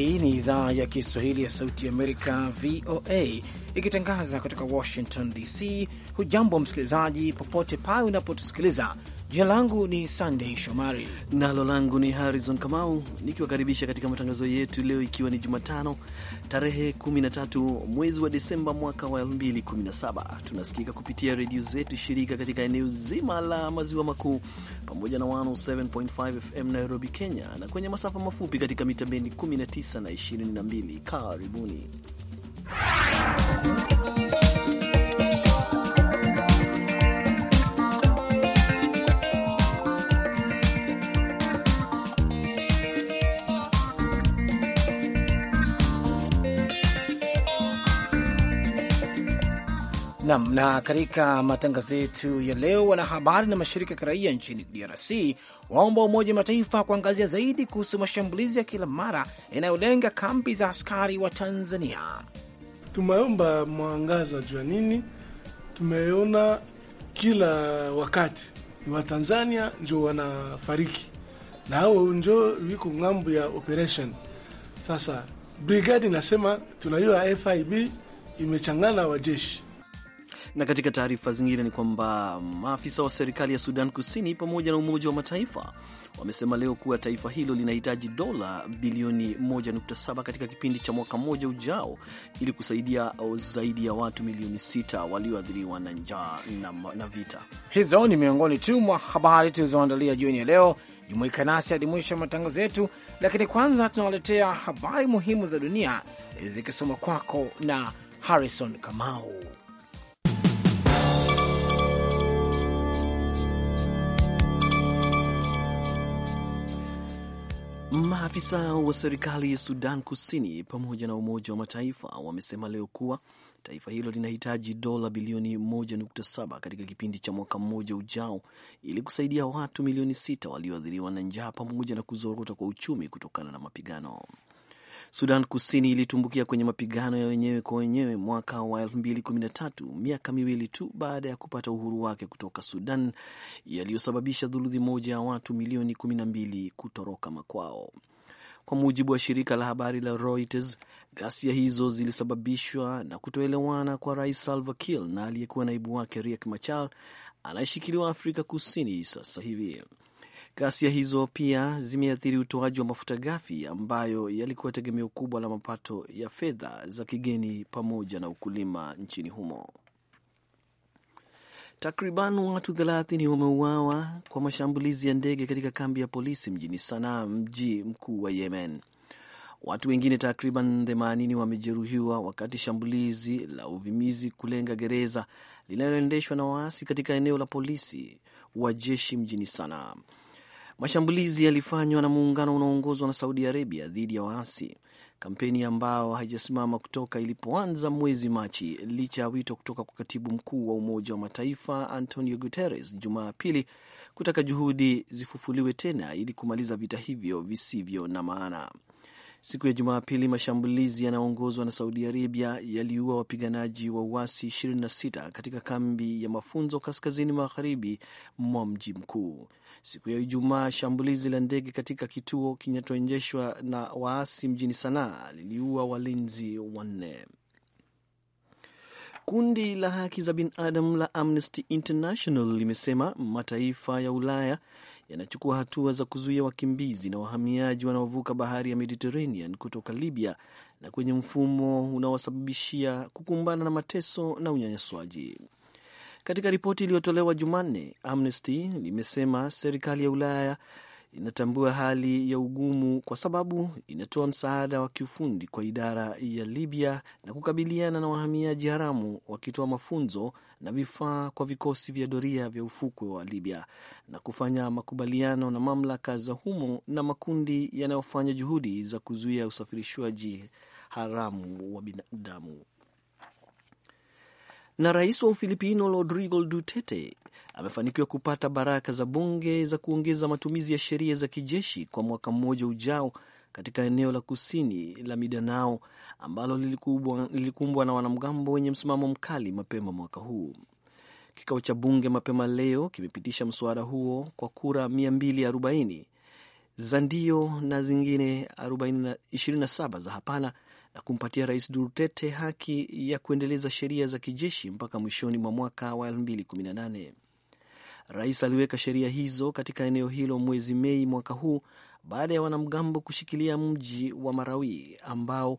Hii ni idhaa ya Kiswahili ya Sauti ya Amerika, VOA, ikitangaza kutoka Washington DC. Hujambo msikilizaji, popote pale unapotusikiliza. Jina langu ni Sandey Shomari nalo langu ni Harrison Kamau, nikiwakaribisha katika matangazo yetu leo, ikiwa ni Jumatano tarehe 13 mwezi wa Desemba mwaka wa 2017. Tunasikika kupitia redio zetu shirika katika eneo zima la maziwa makuu pamoja na 107.5 FM Nairobi, Kenya, na kwenye masafa mafupi katika mita bendi 19 na 20 22. Karibuni. Nam na katika matangazo yetu ya leo, wanahabari na mashirika ya kiraia nchini DRC waomba Umoja wa Mataifa kuangazia zaidi kuhusu mashambulizi ya kila mara yanayolenga kambi za askari wa Tanzania. Tumeomba mwangaza jua nini? Tumeona kila wakati ni Watanzania njo wanafariki na hao njo wiko ng'ambo ya operation. Sasa brigadi nasema tunaiwa FIB imechangana wajeshi na katika taarifa zingine ni kwamba maafisa wa serikali ya Sudan Kusini pamoja na Umoja wa Mataifa wamesema leo kuwa taifa hilo linahitaji dola bilioni 1.7 katika kipindi cha mwaka mmoja ujao ili kusaidia zaidi ya watu milioni 6 walioathiriwa na njaa na, na vita. Hizo ni miongoni tu mwa habari tulizoandalia jioni ya leo. Jumuika nasi hadi mwisho wa matangazo yetu, lakini kwanza tunawaletea habari muhimu za dunia zikisoma kwako na Harrison Kamau. Maafisa wa serikali ya Sudan Kusini pamoja na Umoja wa Mataifa wamesema leo kuwa taifa hilo linahitaji dola bilioni 1.7 katika kipindi cha mwaka mmoja ujao ili kusaidia watu milioni sita walioathiriwa na njaa pamoja na kuzorota kwa uchumi kutokana na mapigano. Sudan Kusini ilitumbukia kwenye mapigano ya wenyewe kwa wenyewe mwaka wa 2013 miaka miwili tu baada ya kupata uhuru wake kutoka Sudan, yaliyosababisha dhuluthi moja ya watu milioni 12 kutoroka makwao. Kwa mujibu wa shirika la habari la Reuters, ghasia hizo zilisababishwa na kutoelewana kwa Rais Salva Kiir na aliyekuwa naibu wake Riek Machar anayeshikiliwa Afrika Kusini sasa hivi. Ghasia hizo pia zimeathiri utoaji wa mafuta ghafi ambayo yalikuwa tegemeo kubwa la mapato ya fedha za kigeni pamoja na ukulima nchini humo. Takriban watu 30 wameuawa kwa mashambulizi ya ndege katika kambi ya polisi mjini Sanaa, mji mkuu wa Yemen. Watu wengine takriban 80 wamejeruhiwa wakati shambulizi la uvimizi kulenga gereza linaloendeshwa na waasi katika eneo la polisi wa jeshi mjini Sanaa. Mashambulizi yalifanywa na muungano unaoongozwa na Saudi Arabia dhidi ya waasi kampeni ambao haijasimama kutoka ilipoanza mwezi Machi licha ya wito kutoka kwa katibu mkuu wa Umoja wa Mataifa Antonio Guterres Jumapili kutaka juhudi zifufuliwe tena ili kumaliza vita hivyo visivyo na maana. Siku ya Jumapili, mashambulizi yanayoongozwa na Saudi Arabia yaliua wapiganaji wa uasi 26 katika kambi ya mafunzo kaskazini magharibi mwa mji mkuu. Siku ya Ijumaa, shambulizi la ndege katika kituo kinachoendeshwa na waasi mjini Sanaa liliua walinzi wanne. Kundi la haki za binadamu la Amnesty International limesema mataifa ya Ulaya yanachukua hatua za kuzuia wakimbizi na wahamiaji wanaovuka bahari ya Mediterranean kutoka Libya na kwenye mfumo unaowasababishia kukumbana na mateso na unyanyaswaji. Katika ripoti iliyotolewa Jumanne, Amnesty limesema serikali ya Ulaya inatambua hali ya ugumu kwa sababu inatoa msaada wa kiufundi kwa idara ya Libya na kukabiliana na wahamiaji haramu, wakitoa mafunzo na vifaa kwa vikosi vya doria vya ufukwe wa Libya na kufanya makubaliano na mamlaka za humo na makundi yanayofanya juhudi za kuzuia usafirishwaji haramu wa binadamu na rais wa Ufilipino Rodrigo Duterte amefanikiwa kupata baraka za bunge za kuongeza matumizi ya sheria za kijeshi kwa mwaka mmoja ujao katika eneo la kusini la midanao ambalo lilikumbwa na wanamgambo wenye msimamo mkali mapema mwaka huu. Kikao cha bunge mapema leo kimepitisha mswada huo kwa kura 240 za ndio na zingine 27 za hapana na kumpatia Rais Duterte haki ya kuendeleza sheria za kijeshi mpaka mwishoni mwa mwaka wa 2018. Rais aliweka sheria hizo katika eneo hilo mwezi Mei mwaka huu baada ya wanamgambo kushikilia mji wa Marawi ambao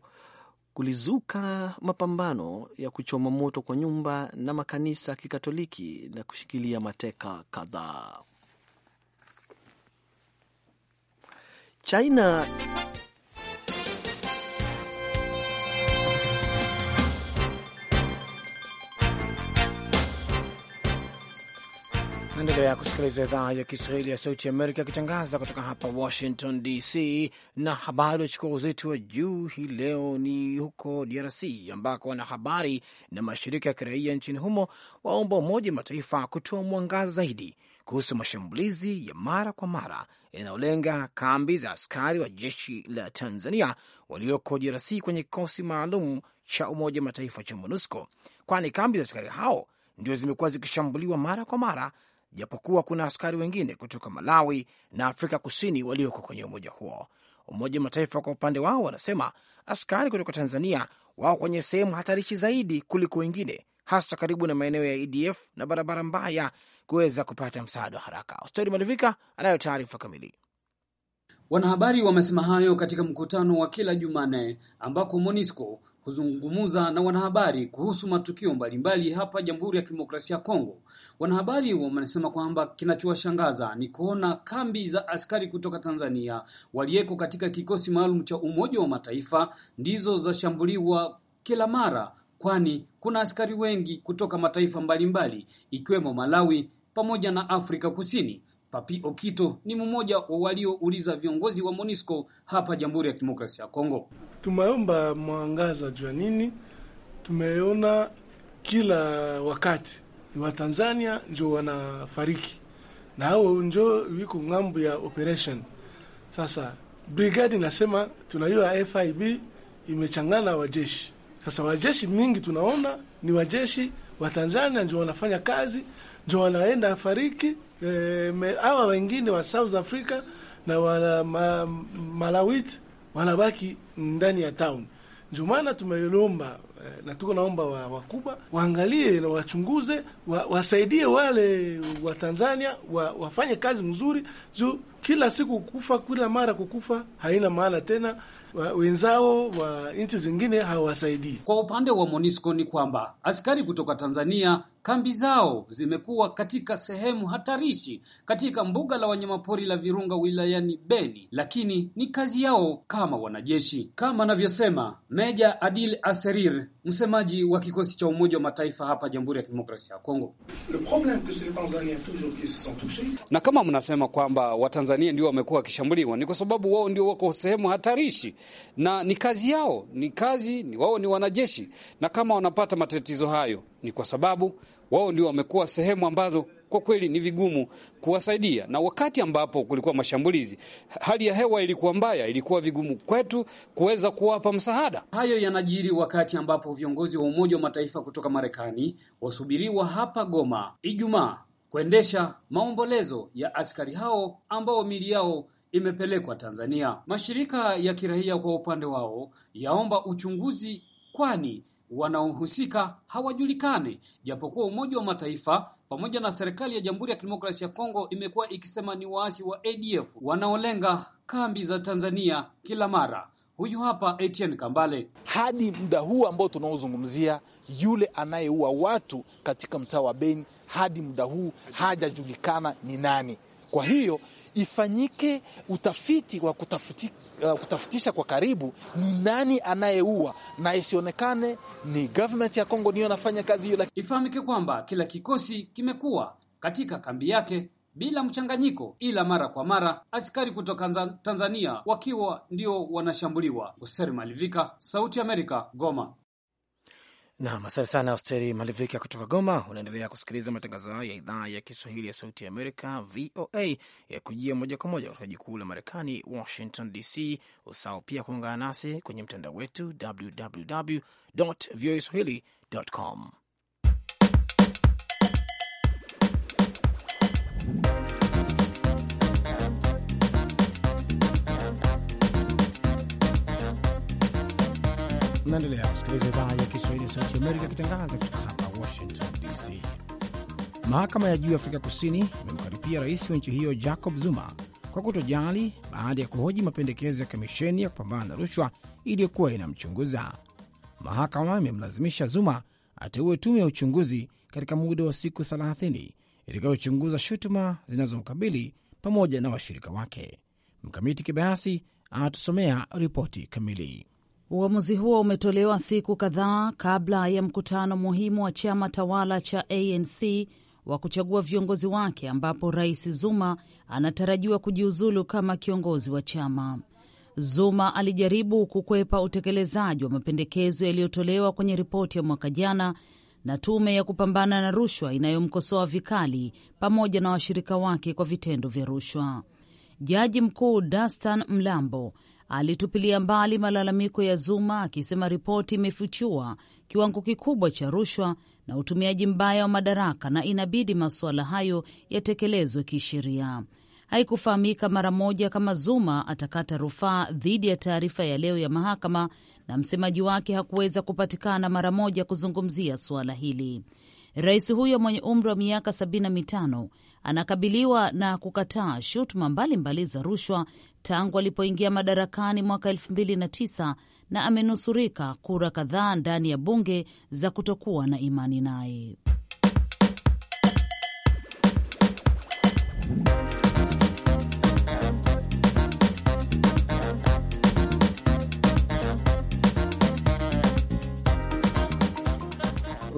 kulizuka mapambano ya kuchoma moto kwa nyumba na makanisa ya Kikatoliki na kushikilia mateka kadhaa. China Unaendelea kusikiliza idhaa ya Kiswahili ya Sauti ya Amerika ikitangaza kutoka hapa Washington DC, na habari wachukua uzito wa juu hii leo ni huko DRC ambako wanahabari na mashirika ya kiraia nchini humo waomba Umoja Mataifa kutoa mwangaza zaidi kuhusu mashambulizi ya mara kwa mara yanayolenga kambi za askari wa jeshi la Tanzania walioko DRC kwenye kikosi maalum cha Umoja Mataifa cha MONUSCO, kwani kambi za askari hao ndio zimekuwa zikishambuliwa mara kwa mara japokuwa kuna askari wengine kutoka Malawi na Afrika Kusini walioko kwenye umoja huo. Umoja wa Mataifa kwa upande wao wanasema askari kutoka Tanzania wao kwenye sehemu hatarishi zaidi kuliko wengine, hasa karibu na maeneo ya EDF na barabara mbaya kuweza kupata msaada wa haraka. Hosteri Malivika anayo taarifa kamili. Wanahabari wamesema hayo katika mkutano wa kila Jumanne ambako monisco huzungumza na wanahabari kuhusu matukio mbalimbali mbali hapa Jamhuri ya Kidemokrasia ya Kongo. Wanahabari wamesema kwamba kinachowashangaza ni kuona kambi za askari kutoka Tanzania waliyeko katika kikosi maalum cha Umoja wa Mataifa ndizo zashambuliwa kila mara, kwani kuna askari wengi kutoka mataifa mbalimbali mbali, ikiwemo Malawi pamoja na Afrika Kusini. Papi Okito ni mmoja wa waliouliza viongozi wa Monisco hapa Jamhuri ya Kidemokrasia ya Kongo. Tumeomba mwangaza juu ya nini? Tumeona kila wakati ni Watanzania ndio wanafariki na hao njo wiko ng'ambo ya operation. Sasa brigadi nasema tunajua FIB imechangana wajeshi. Sasa wajeshi mingi tunaona ni wajeshi wa Tanzania ndio wanafanya kazi jo wanaenda afariki eh, hawa e, wengine wa South Africa na wa ma, Malawit wanabaki ndani ya town. Ndio maana tumelomba eh, na tuko naomba wakubwa waangalie na wachunguze wa, wasaidie wale wa Tanzania wa, wafanye kazi mzuri juu kila siku kufa kila mara kukufa haina maana tena. Wa, wenzao wa nchi zingine hawasaidii. Kwa upande wa MONUSCO ni kwamba askari kutoka Tanzania Kambi zao zimekuwa katika sehemu hatarishi katika mbuga la wanyamapori la Virunga wilayani Beni, lakini ni kazi yao kama wanajeshi, kama anavyosema Meja Adil Aserir, msemaji wa kikosi cha Umoja wa Mataifa hapa Jamhuri ya Kidemokrasia ya Kongo. Na kama mnasema kwamba Watanzania ndio wamekuwa wakishambuliwa, ni kwa sababu wao ndio wako sehemu hatarishi, na ni kazi yao, ni kazi, wao ni wanajeshi, na kama wanapata matatizo hayo ni kwa sababu wao ndio wamekuwa sehemu ambazo kwa kweli ni vigumu kuwasaidia, na wakati ambapo kulikuwa mashambulizi, hali ya hewa ilikuwa mbaya, ilikuwa vigumu kwetu kuweza kuwapa msaada. Hayo yanajiri wakati ambapo viongozi wa Umoja wa Mataifa kutoka Marekani wasubiriwa hapa Goma Ijumaa kuendesha maombolezo ya askari hao ambao mili yao imepelekwa Tanzania. Mashirika ya kiraia kwa upande wao yaomba uchunguzi, kwani wanaohusika hawajulikani, japokuwa Umoja wa Mataifa pamoja na serikali ya Jamhuri ya Kidemokrasia ya Kongo imekuwa ikisema ni waasi wa ADF wanaolenga kambi za Tanzania kila mara. Huyu hapa Etienne Kambale. Hadi muda huu ambao tunaozungumzia, yule anayeua watu katika mtaa wa Beni, hadi muda huu hajajulikana ni nani. Kwa hiyo ifanyike utafiti wa kutafuti, uh, kutafutisha kwa karibu ni nani anayeua na isionekane ni government ya Kongo ndiyo anafanya kazi hiyo. Ifahamike kwamba kila kikosi kimekuwa katika kambi yake bila mchanganyiko, ila mara kwa mara askari kutoka Tanzania wakiwa ndio wanashambuliwa. Hoser Malivika, Sauti ya Amerika, Goma. Nam, asante sana Austeri Malivika kutoka Goma. Unaendelea kusikiliza matangazo hayo ya idhaa ya Kiswahili ya Sauti ya Amerika, VOA, ya kujia moja kwa moja kutoka jikuu la Marekani, Washington DC. Usao pia kuungana nasi kwenye mtandao wetu www voa swahili com naendelea kusikiliza idhaa ya Kiswahili ya Sauti Amerika ikitangaza kutoka hapa Washington DC. Mahakama ya juu ya Afrika Kusini imemkaripia rais wa nchi hiyo Jacob Zuma kwa kutojali baada ya kuhoji mapendekezo ya kamisheni ya kupambana na rushwa iliyokuwa inamchunguza. Mahakama imemlazimisha Zuma ateue tume ya uchunguzi katika muda wa siku 30 itakayochunguza shutuma zinazomkabili pamoja na washirika wake. Mkamiti Kibayasi anatusomea ripoti kamili. Uamuzi huo umetolewa siku kadhaa kabla ya mkutano muhimu wa chama tawala cha ANC wa kuchagua viongozi wake ambapo Rais Zuma anatarajiwa kujiuzulu kama kiongozi wa chama. Zuma alijaribu kukwepa utekelezaji wa mapendekezo yaliyotolewa kwenye ripoti ya mwaka jana na tume ya kupambana na rushwa inayomkosoa vikali pamoja na washirika wake kwa vitendo vya rushwa. Jaji Mkuu Dastan Mlambo alitupilia mbali malalamiko ya Zuma akisema ripoti imefichua kiwango kikubwa cha rushwa na utumiaji mbaya wa madaraka na inabidi masuala hayo yatekelezwe kisheria. Haikufahamika mara moja kama Zuma atakata rufaa dhidi ya taarifa ya leo ya mahakama, na msemaji wake hakuweza kupatikana mara moja kuzungumzia suala hili. Rais huyo mwenye umri wa miaka mitano anakabiliwa na kukataa shutuma mbalimbali za rushwa tangu alipoingia madarakani mwaka 2009 na amenusurika kura kadhaa ndani ya bunge za kutokuwa na imani naye.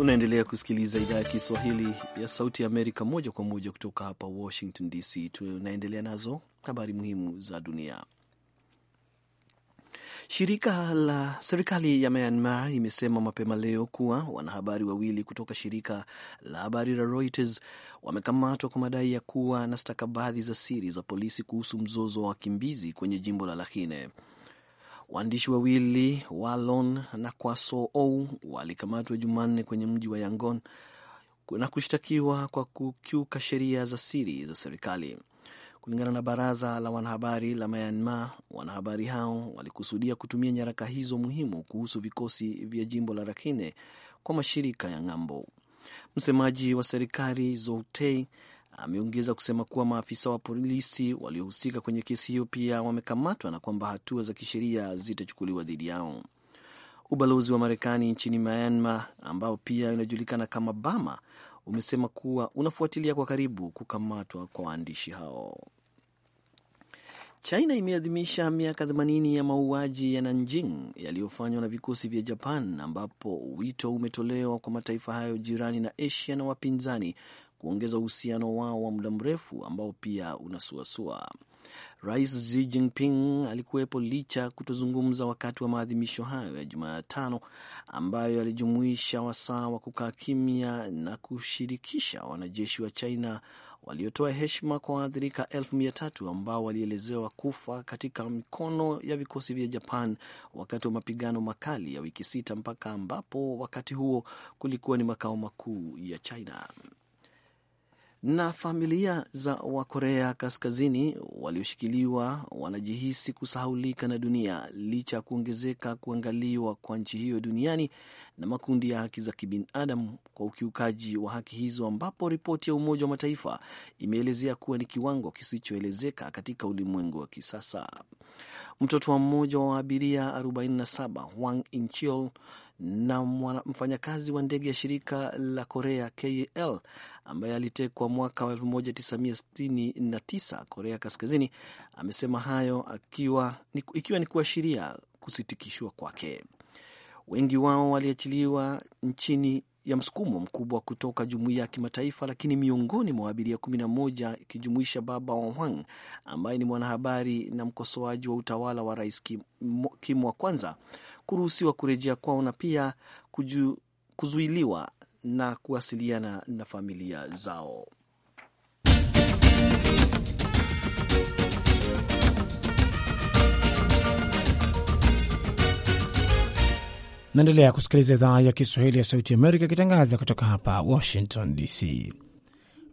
Unaendelea kusikiliza idhaa ya Kiswahili ya Sauti ya Amerika moja kwa moja kutoka hapa Washington DC. Tunaendelea nazo habari muhimu za dunia. Shirika la serikali ya Myanmar imesema mapema leo kuwa wanahabari wawili kutoka shirika la habari la Reuters wamekamatwa kwa madai ya kuwa na stakabadhi za siri za polisi kuhusu mzozo wa wakimbizi kwenye jimbo la Rakhine. Waandishi wawili walon na Kwaso Ou walikamatwa Jumanne kwenye mji wa Yangon na kushtakiwa kwa kukiuka sheria za siri za serikali. Kulingana na baraza la wanahabari la Myanmar, wanahabari hao walikusudia kutumia nyaraka hizo muhimu kuhusu vikosi vya jimbo la Rakhine kwa mashirika ya ng'ambo. Msemaji wa serikali Zoutei Ameongeza kusema kuwa maafisa wa polisi waliohusika kwenye kesi hiyo pia wamekamatwa na kwamba hatua za kisheria zitachukuliwa dhidi yao. Ubalozi wa Marekani nchini Myanmar, ambao pia inajulikana kama Bama, umesema kuwa unafuatilia kwa karibu kukamatwa kwa waandishi hao. China imeadhimisha miaka 80 ya mauaji ya Nanjing yaliyofanywa na vikosi vya Japan, ambapo wito umetolewa kwa mataifa hayo jirani na Asia na wapinzani kuongeza uhusiano wao wa muda mrefu ambao pia unasuasua. Rais Xi Jinping alikuwepo licha kutozungumza wakati wa maadhimisho hayo ya Jumatano ambayo yalijumuisha wasaa wa kukaa kimya na kushirikisha wanajeshi wa China waliotoa heshima kwa waathirika elfu mia tatu ambao walielezewa kufa katika mikono ya vikosi vya Japan wakati wa mapigano makali ya wiki sita mpaka ambapo wakati huo kulikuwa ni makao makuu ya China na familia za Wakorea Kaskazini walioshikiliwa wanajihisi kusahaulika na dunia licha ya kuongezeka kuangaliwa kwa nchi hiyo duniani na makundi ya haki za kibinadamu kwa ukiukaji wa haki hizo, ambapo ripoti ya Umoja wa Mataifa imeelezea kuwa ni kiwango kisichoelezeka katika ulimwengu wa kisasa. Mtoto wa mmoja wa abiria 47 Wang Incheon na mfanyakazi wa ndege ya shirika la Korea KAL ambaye alitekwa mwaka wa 1969 Korea Kaskazini. Amesema hayo akiwa, ikiwa ni kuashiria kusitikishwa kwake. Wengi wao waliachiliwa nchini ya msukumo mkubwa kutoka jumuiya ya kimataifa, lakini miongoni mwa abiria 11 ikijumuisha Baba Hwang ambaye ni mwanahabari na mkosoaji wa utawala wa Rais Kim, Kim wa kwanza kuruhusiwa kurejea kwao na pia kuju, kuzuiliwa na kuwasiliana na familia zao. Naendelea kusikiliza idhaa ya Kiswahili ya Sauti Amerika ikitangaza kutoka hapa Washington DC.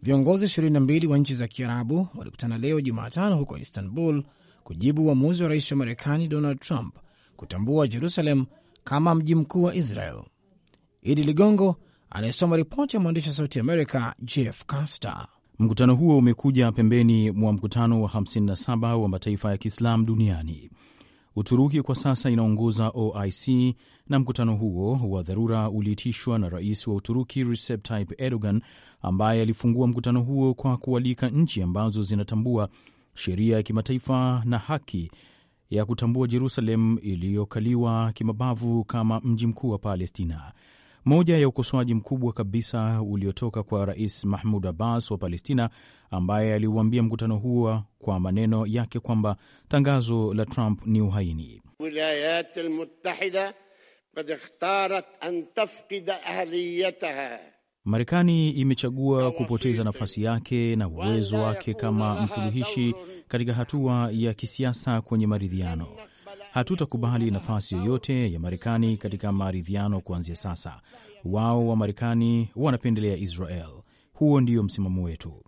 Viongozi 22 wa nchi za Kiarabu walikutana leo Jumatano huko Istanbul kujibu uamuzi wa rais wa Marekani Donald Trump kutambua Jerusalem kama mji mkuu wa Israel. Idi Ligongo anayesoma ripoti ya mwandishi wa Sauti Amerika Jeff Caster. Mkutano huo umekuja pembeni mwa mkutano wa 57 wa mataifa ya Kiislamu duniani Uturuki kwa sasa inaongoza OIC na mkutano huo wa dharura uliitishwa na rais wa Uturuki Recep Tayyip Erdogan, ambaye alifungua mkutano huo kwa kualika nchi ambazo zinatambua sheria ya kimataifa na haki ya kutambua Jerusalem iliyokaliwa kimabavu kama mji mkuu wa Palestina. Moja ya ukosoaji mkubwa kabisa uliotoka kwa Rais Mahmud Abbas wa Palestina, ambaye aliuambia mkutano huo kwa maneno yake kwamba tangazo la Trump ni uhaini. Wilayat Almutahida kad ikhtarat an tafkida ahliyataha Marekani imechagua kupoteza nafasi yake na uwezo wake kama msuluhishi katika hatua ya kisiasa kwenye maridhiano. Hatutakubali nafasi yoyote ya Marekani katika maridhiano kuanzia sasa. Wao wa Marekani wanapendelea Israel. Huo ndio msimamo wetu.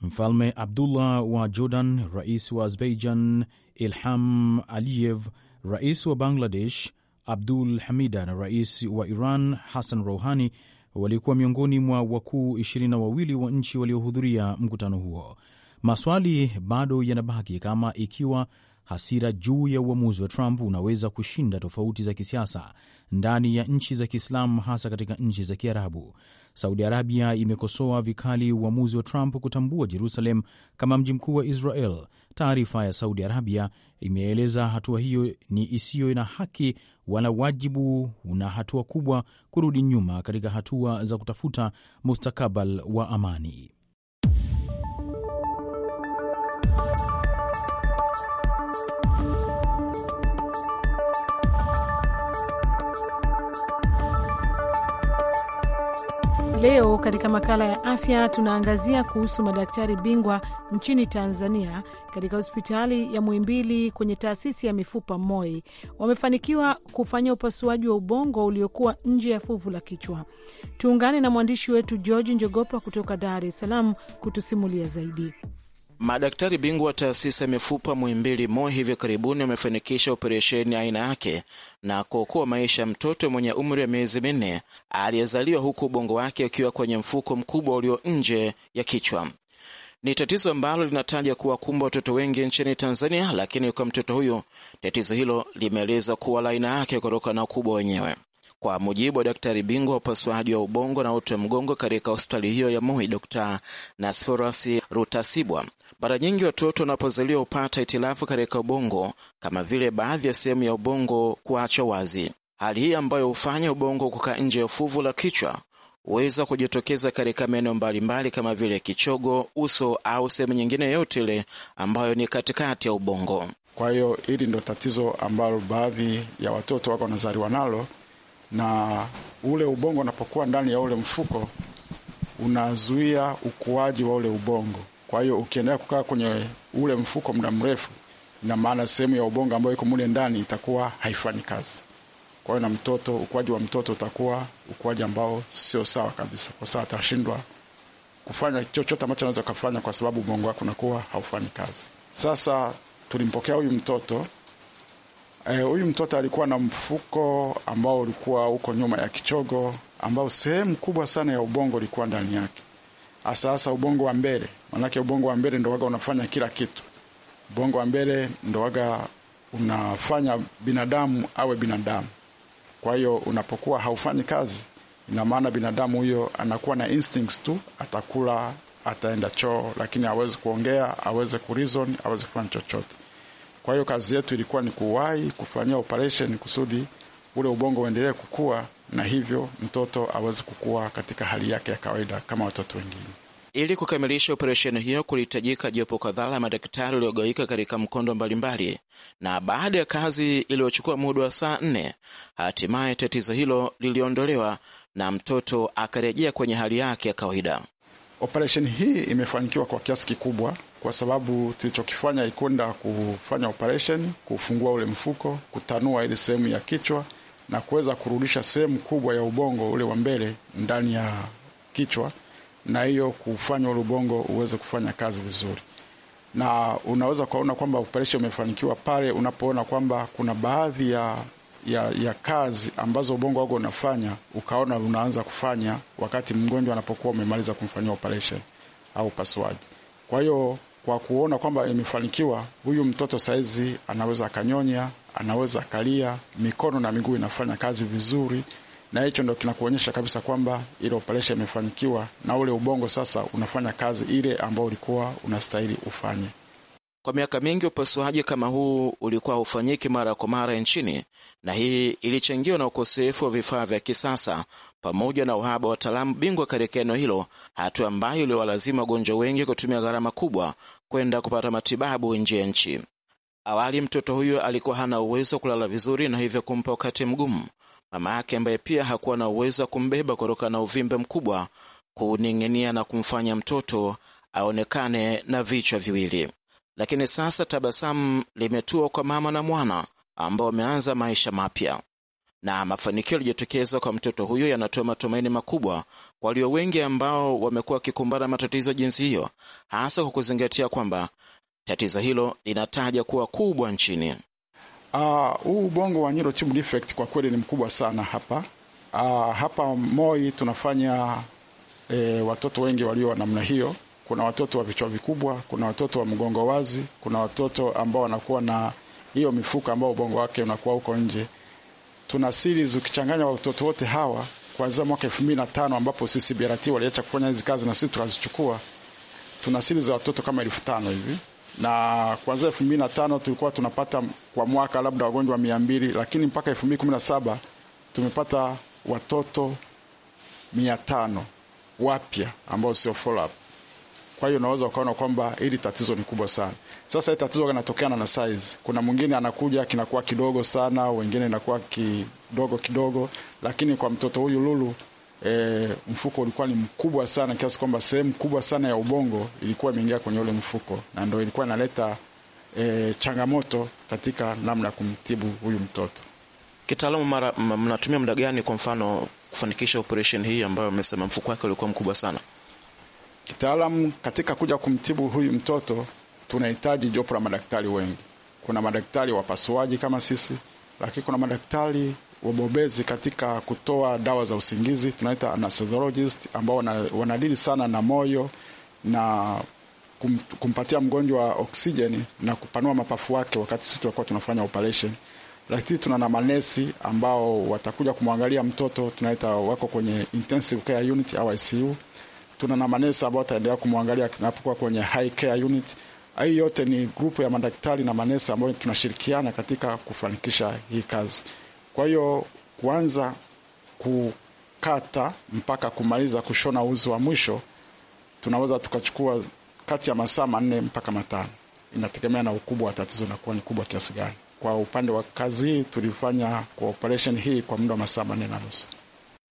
Mfalme Abdullah wa Jordan, rais wa Azerbaijan Ilham Aliyev, rais wa Bangladesh Abdul Hamida na rais wa Iran Hassan Rouhani walikuwa miongoni mwa wakuu ishirini na wawili wa nchi waliohudhuria mkutano huo. Maswali bado yanabaki kama ikiwa hasira juu ya uamuzi wa Trump unaweza kushinda tofauti za kisiasa ndani ya nchi za Kiislamu, hasa katika nchi za Kiarabu. Saudi Arabia imekosoa vikali uamuzi wa Trump kutambua Jerusalem kama mji mkuu wa Israel. Taarifa ya Saudi Arabia imeeleza hatua hiyo ni isiyo na haki wala wajibu, na hatua kubwa kurudi nyuma katika hatua za kutafuta mustakabali wa amani. Leo katika makala ya afya tunaangazia kuhusu madaktari bingwa nchini Tanzania katika hospitali ya Muhimbili kwenye taasisi ya mifupa MOI wamefanikiwa kufanya upasuaji wa ubongo uliokuwa nje ya fuvu la kichwa. Tuungane na mwandishi wetu George Njogopa kutoka Dar es Salaam kutusimulia zaidi. Madaktari bingwa wa taasisi ya mifupa Muhimbili MOI hivi karibuni wamefanikisha operesheni aina yake na kuokoa maisha ya mtoto mwenye umri wa miezi minne aliyezaliwa huku ubongo wake ukiwa kwenye mfuko mkubwa ulio nje ya kichwa. Ni tatizo ambalo linataja kuwakumba watoto wengi nchini Tanzania, lakini kwa mtoto huyo tatizo hilo limeeleza kuwa la aina yake kutokana na ukubwa wenyewe. Kwa mujibu wa daktari bingwa wa upasuaji wa ubongo na uti wa mgongo katika hospitali hiyo ya MOI, Dr Nasforasi Rutasibwa mara nyingi watoto wanapozaliwa hupata itilafu katika ubongo kama vile baadhi ya sehemu ya ubongo kuachwa wazi. Hali hii ambayo hufanya ubongo kukaa nje ya fuvu la kichwa huweza kujitokeza katika maeneo mbalimbali kama vile kichogo, uso au sehemu nyingine yote ile ambayo ni katikati ya ubongo. Kwa hiyo hili ndo tatizo ambalo baadhi ya watoto wako wanazaliwa nalo, na ule ubongo unapokuwa ndani ya ule mfuko unazuia ukuaji wa ule ubongo. Kwa hiyo ukiendelea kukaa kwenye ule mfuko muda mrefu, ina maana sehemu ya ubongo ambayo iko mule ndani itakuwa haifanyi kazi. Kwa hiyo na mtoto, ukuaji wa mtoto utakuwa ukuaji ambao sio sawa kabisa, kwa sababu atashindwa kufanya chochote ambacho anaweza kufanya, kwa sababu ubongo wake unakuwa haufanyi kazi. Sasa tulimpokea huyu mtoto eh, huyu mtoto alikuwa na mfuko ambao ulikuwa uko nyuma ya kichogo, ambao sehemu kubwa sana ya ubongo ulikuwa ndani yake, hasa hasa ubongo wa mbele manake ubongo wa mbele ndo waga unafanya kila kitu. Ubongo wa mbele ndo waga unafanya binadamu awe binadamu. Kwa hiyo unapokuwa haufanyi kazi, ina maana binadamu huyo anakuwa na instincts tu, atakula, ataenda choo, lakini awezi kuongea, aweze kureason, aweze kufanya chochote. Kwa hiyo kazi yetu ilikuwa ni kuwahi kufanyia operation kusudi ule ubongo uendelee kukua na hivyo mtoto aweze kukua katika hali yake ya kawaida kama watoto wengine. Ili kukamilisha operesheni hiyo, kulihitajika jopo kadhaa la madaktari waliogawika katika mkondo mbalimbali, na baada ya kazi iliyochukua muda wa saa nne, hatimaye tatizo hilo liliondolewa na mtoto akarejea kwenye hali yake ya kawaida. Operesheni hii imefanikiwa kwa kiasi kikubwa, kwa sababu tulichokifanya ikwenda kufanya operesheni, kufungua ule mfuko, kutanua ile sehemu ya kichwa na kuweza kurudisha sehemu kubwa ya ubongo ule wa mbele ndani ya kichwa na hiyo kufanya ule ubongo uweze kufanya kazi vizuri. Na unaweza kuona kwamba operesheni imefanikiwa pale unapoona kwamba kuna baadhi ya, ya, ya kazi ambazo ubongo wako unafanya ukaona unaanza kufanya wakati mgonjwa anapokuwa umemaliza kumfanyia operation au upasuaji. Kwa hiyo kwa kuona kwamba imefanikiwa, huyu mtoto saizi anaweza akanyonya, anaweza akalia, mikono na miguu inafanya kazi vizuri na hicho ndo kinakuonyesha kabisa kwamba ile operation imefanikiwa na ule ubongo sasa unafanya kazi ile ambayo ulikuwa unastahili ufanye. Kwa miaka mingi upasuaji kama huu ulikuwa haufanyiki mara kwa mara nchini, na hii ilichangiwa na ukosefu wa vifaa vya kisasa pamoja na uhaba wa wataalamu bingwa katika eneo hilo, hatua ambayo iliwalazima wagonjwa wengi kutumia gharama kubwa kwenda kupata matibabu nje ya nchi. Awali mtoto huyo alikuwa hana uwezo wa kulala vizuri na hivyo kumpa wakati mgumu Mama yake ambaye pia hakuwa na uwezo wa kumbeba kutokana na uvimbe mkubwa, kuning'inia na kumfanya mtoto aonekane na vichwa viwili. Lakini sasa tabasamu limetua kwa mama na mwana ambao wameanza maisha mapya, na mafanikio yaliyojitokeza kwa mtoto huyo yanatoa matumaini makubwa kwa walio wengi ambao wamekuwa wakikumbana matatizo jinsi hiyo, hasa kwa kuzingatia kwamba tatizo hilo linataja kuwa kubwa nchini. Ah, huu uh, ubongo wa neural tube defect kwa kweli ni mkubwa sana hapa uh, hapa Moi tunafanya e, watoto wengi walio namna hiyo. Kuna watoto wa vichwa vikubwa, kuna watoto wa mgongo wazi, kuna watoto ambao wanakuwa na hiyo mifuka ambao ubongo wake unakuwa huko nje. Tuna series ukichanganya watoto wote hawa kuanzia mwaka 2005 ambapo sisi BRT waliacha kufanya hizi kazi na sisi tukazichukua, tuna series za watoto kama elfu tano hivi na kuanzia elfu mbili na tano tulikuwa tunapata kwa mwaka labda wagonjwa mia mbili lakini mpaka elfu mbili kumi na saba tumepata watoto mia tano wapya ambao sio follow up. Kwa hiyo unaweza ukaona kwamba hili tatizo ni kubwa sana. Sasa hili tatizo linatokana na size. Kuna mwingine anakuja kinakuwa kidogo sana, wengine inakuwa kidogo kidogo, lakini kwa mtoto huyu Lulu e, mfuko ulikuwa ni mkubwa sana kiasi kwamba sehemu kubwa sana ya ubongo ilikuwa imeingia kwenye ule mfuko, na ndo ilikuwa inaleta e, changamoto katika namna ya kumtibu huyu mtoto. Kitaalamu, mara mnatumia muda gani kwa mfano kufanikisha operesheni hii ambayo amesema mfuko wake ulikuwa mkubwa sana? Kitaalamu, katika kuja kumtibu huyu mtoto tunahitaji jopo la madaktari wengi. Kuna madaktari wapasuaji kama sisi lakini kuna madaktari wabobezi katika kutoa dawa za usingizi tunaita anesthesiologist, ambao wanadili sana na moyo na kum, kumpatia mgonjwa oksijeni na kupanua mapafu wake wakati sisi tunakuwa tunafanya operation. Lakini tuna na manesi ambao watakuja kumwangalia mtoto, tunaita wako kwenye intensive care unit au ICU. Tuna na manesi ambao wataendelea kumwangalia anapokuwa kwenye high care unit hii yote ni grupu ya madaktari na manesi ambayo tunashirikiana katika kufanikisha hii kazi. Kwa hiyo kuanza kukata mpaka kumaliza kushona uzi wa mwisho tunaweza tukachukua kati ya masaa manne mpaka matano, inategemea na ukubwa wa tatizo inakuwa ni kubwa kiasi gani. Kwa upande wa kazi hii tulifanya kwa operesheni hii kwa muda wa masaa manne na nusu.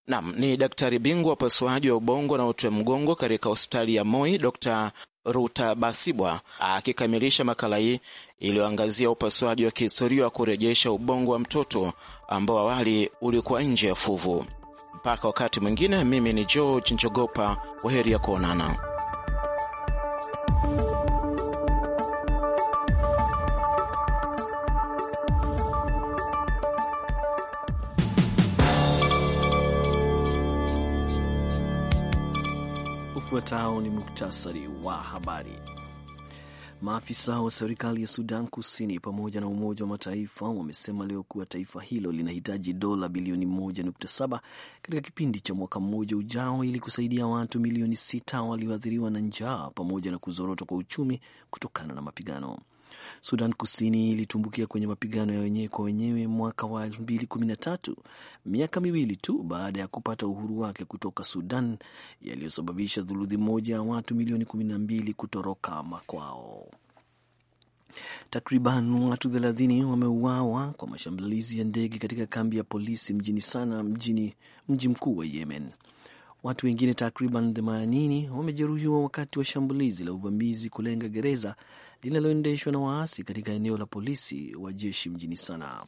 Nam ni daktari bingwa upasuaji wa ubongo na uti wa mgongo katika hospitali ya Moi, Dr Ruta Basibwa akikamilisha makala hii iliyoangazia upasuaji wa kihistoria wa kurejesha ubongo wa mtoto ambao awali ulikuwa nje ya fuvu. Mpaka wakati mwingine, mimi ni George Njogopa, waheri ya kuonana. Ufuatao ni muktasari wa habari. Maafisa wa serikali ya Sudan Kusini pamoja na Umoja wa Mataifa wamesema leo kuwa taifa hilo linahitaji dola bilioni 1.7 katika kipindi cha mwaka mmoja ujao ili kusaidia watu milioni sita walioathiriwa na njaa pamoja na kuzorota kwa uchumi kutokana na mapigano. Sudan Kusini ilitumbukia kwenye mapigano ya wenyewe kwa wenyewe mwaka wa 2013 miaka miwili tu baada ya kupata uhuru wake kutoka Sudan, yaliyosababisha dhuluthi moja ya watu milioni 12 kutoroka makwao. Takriban watu 30 wameuawa kwa mashambulizi ya ndege katika kambi ya polisi mjini Sana, mjini mji mkuu wa Yemen. Watu wengine takriban 80 wamejeruhiwa wakati wa shambulizi la uvamizi kulenga gereza linaloendeshwa na waasi katika eneo la polisi wa jeshi mjini Sanaa.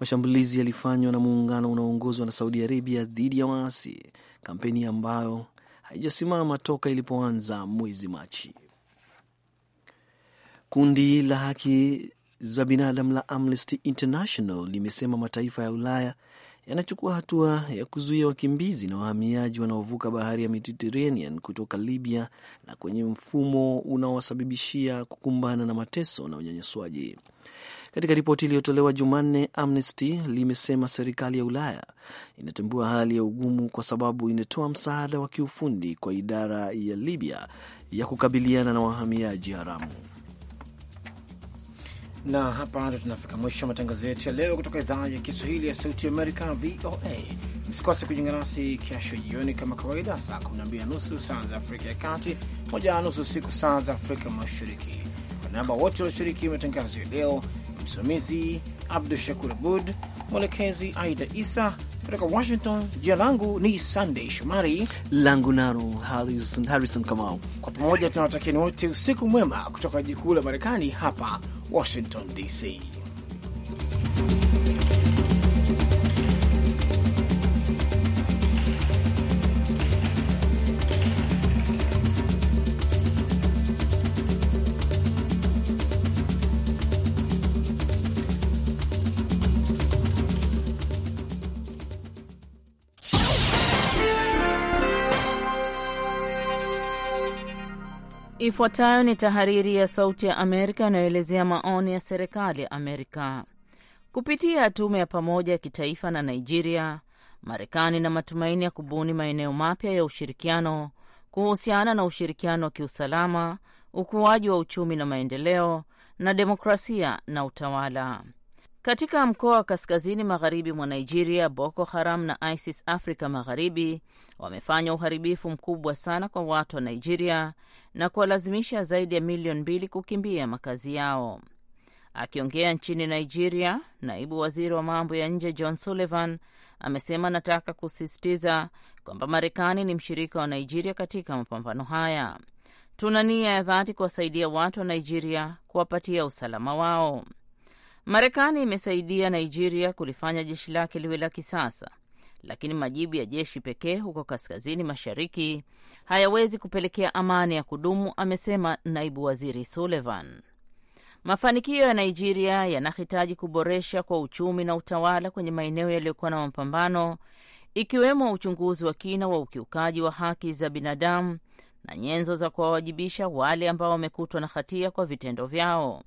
Mashambulizi yalifanywa na muungano unaoongozwa na Saudi Arabia dhidi ya waasi, kampeni ambayo haijasimama toka ilipoanza mwezi Machi. Kundi la haki za binadamu la Amnesty International limesema mataifa ya Ulaya yanachukua hatua ya kuzuia wakimbizi na wahamiaji wanaovuka bahari ya Mediterranean kutoka Libya na kwenye mfumo unaowasababishia kukumbana na mateso na unyanyaswaji. Katika ripoti iliyotolewa Jumanne, Amnesty limesema serikali ya Ulaya inatambua hali ya ugumu kwa sababu inatoa msaada wa kiufundi kwa idara ya Libya ya kukabiliana na wahamiaji haramu na hapa ndo tunafika mwisho matangazo yetu ya leo kutoka idhaa ya Kiswahili ya Sauti Amerika, VOA. Msikose kujiunga nasi kesho jioni kama kawaida, saa 12 na nusu saa za Afrika ya Kati, moja na nusu usiku saa za Afrika Mashariki. Kwa niaba wote walioshiriki matangazo ya leo, msimamizi Abdu Shakur Abud, mwelekezi Aida Isa kutoka Washington. Jina langu ni sandey Shomari, langu naro Harrison, Harrison Kamau. Kwa pamoja tunawatakieni wote usiku mwema kutoka jiji kuu la Marekani hapa Washington DC. Ifuatayo ni tahariri ya Sauti ya Amerika inayoelezea maoni ya serikali ya Amerika. Kupitia tume ya pamoja ya kitaifa na Nigeria, Marekani na matumaini ya kubuni maeneo mapya ya ushirikiano kuhusiana na ushirikiano wa kiusalama, ukuaji wa uchumi na maendeleo, na demokrasia na utawala. Katika mkoa wa kaskazini magharibi mwa Nigeria, Boko Haram na ISIS Afrika Magharibi wamefanya uharibifu mkubwa sana kwa watu wa Nigeria na kuwalazimisha zaidi ya milioni mbili kukimbia makazi yao. Akiongea nchini Nigeria, naibu waziri wa mambo ya nje John Sullivan amesema anataka kusisitiza kwamba Marekani ni mshirika wa Nigeria katika mapambano haya. Tuna nia ya dhati kuwasaidia watu wa Nigeria, kuwapatia usalama wao. Marekani imesaidia Nigeria kulifanya jeshi lake liwe la kisasa lakini majibu ya jeshi pekee huko kaskazini mashariki hayawezi kupelekea amani ya kudumu, amesema naibu waziri Sullivan. Mafanikio ya Nigeria yanahitaji kuboresha kwa uchumi na utawala kwenye maeneo yaliyokuwa na mapambano, ikiwemo uchunguzi wa kina wa ukiukaji wa haki za binadamu na nyenzo za kuwawajibisha wale ambao wamekutwa na hatia kwa vitendo vyao,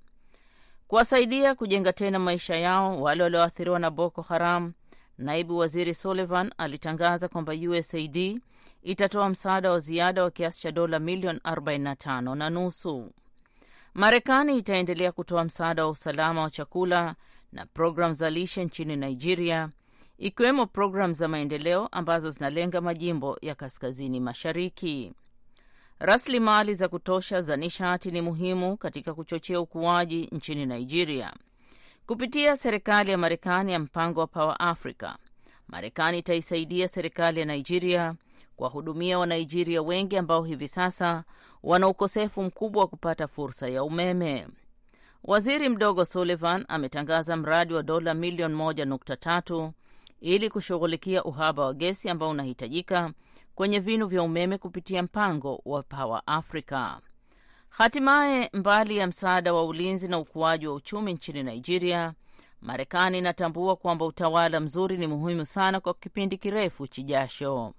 kuwasaidia kujenga tena maisha yao wale walioathiriwa na Boko Haram Naibu Waziri Sullivan alitangaza kwamba USAID itatoa msaada wa ziada wa kiasi cha dola milioni 45 na nusu. Marekani itaendelea kutoa msaada wa usalama wa chakula na programu za lishe nchini Nigeria, ikiwemo programu za maendeleo ambazo zinalenga majimbo ya kaskazini mashariki. Rasilimali za kutosha za nishati ni muhimu katika kuchochea ukuaji nchini Nigeria kupitia serikali ya Marekani ya mpango wa Power Africa. Marekani itaisaidia serikali ya Nigeria kuwahudumia Wanigeria wengi ambao hivi sasa wana ukosefu mkubwa wa kupata fursa ya umeme. Waziri mdogo Sullivan ametangaza mradi wa dola milioni moja nukta tatu ili kushughulikia uhaba wa gesi ambao unahitajika kwenye vinu vya umeme kupitia mpango wa Power Africa. Hatimaye, mbali ya msaada wa ulinzi na ukuaji wa uchumi nchini Nigeria, Marekani inatambua kwamba utawala mzuri ni muhimu sana kwa kipindi kirefu chijasho.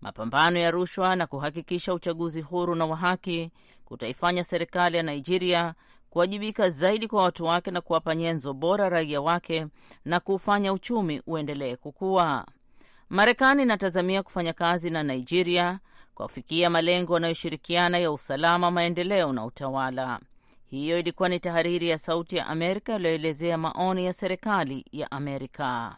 Mapambano ya rushwa na kuhakikisha uchaguzi huru na wa haki kutaifanya serikali ya Nigeria kuwajibika zaidi kwa watu wake na kuwapa nyenzo bora raia wake na kuufanya uchumi uendelee kukua. Marekani inatazamia kufanya kazi na Nigeria kuafikia malengo yanayoshirikiana ya usalama, maendeleo na utawala. Hiyo ilikuwa ni tahariri ya Sauti ya Amerika iliyoelezea maoni ya serikali ya Amerika.